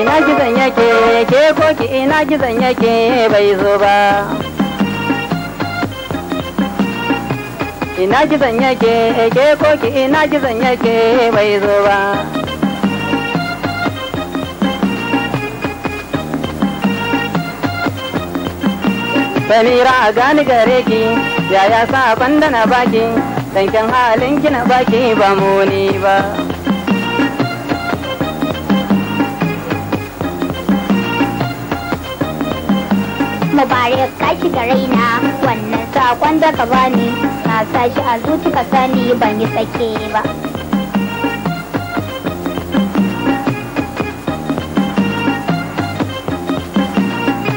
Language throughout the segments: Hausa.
ina gizon yake ke koki ina gizon yake bai zo ba ina gizon yake ke koki ina gizon yake bai zo ba Samira a gani gare ki yaya sa bandana baki danken halin na baki ba muni ba mubarak ka shiga raina wannan sakon da ka bani na sa shi a zuci sani ban yi sake ba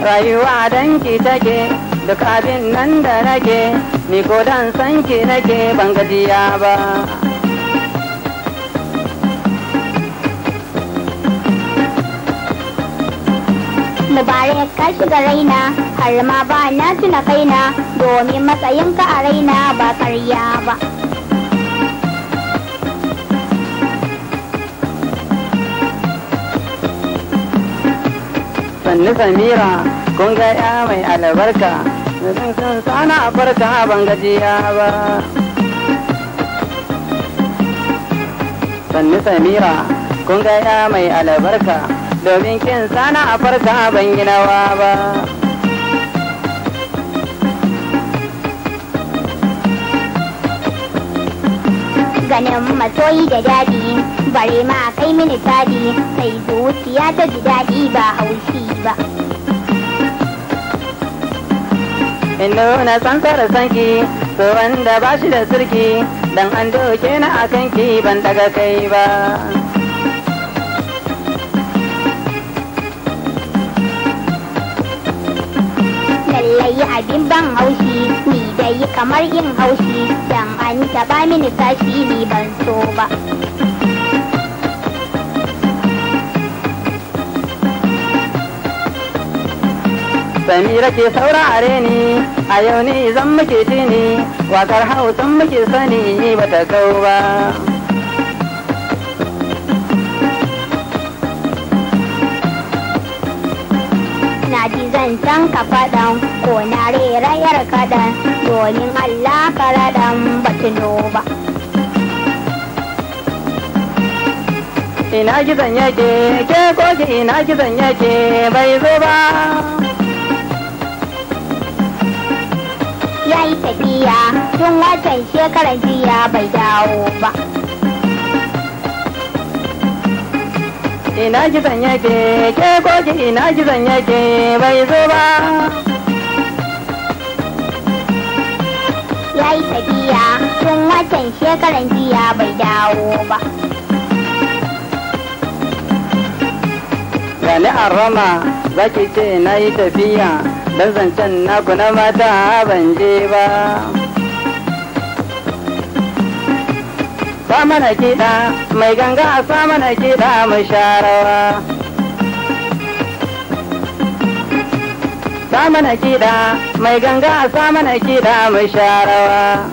rayuwa danki take duk abin nan da rage ni ko dan sanki rage ban gajiya ba mubarak ka shiga raina har ma ba na tuna kaina domin matsayinka a raina ba karya ba sannu samira kun ga ya mai albarka sana a farka ban gajiya ba sannu samira kun ga ya mai albarka domin kin sana a farka ban yi nawa ba ganin masoyi da daɗi bare ma kai mini tadi sai zuciya ta ji daɗi ba haushi ba Indo na san tsara sanki, to wanda ba shi da sirki, dan an doke na a kanki ban daga kai ba. yi abin ban haushi ni da yi kamar yin haushi dan an taba mini sashi ni ban so ba samira ke a ni a yau ni zan muke tini wakar hausan muke sani ba ta kau ba ban ka faɗan ko na rerayar kaɗan domin Allah ka raɗan ba Ina gizon yake, ke koki ina gizon yake bai zo ba. Ya yi tafiya tun watan shekarar jiya bai dawo ba. ina gizon yake ke goge ina gizon yake bai zo ba ya yi tafiya tun watan shekaran jiya bai dawo ba gani a rama zaki ce na yi tafiya don zancen naku na mata ban je ba sa mana mai ganga a sa kiɗa mai sharawa sa mana kiɗa mai ganga a sa kiɗa mai sharawa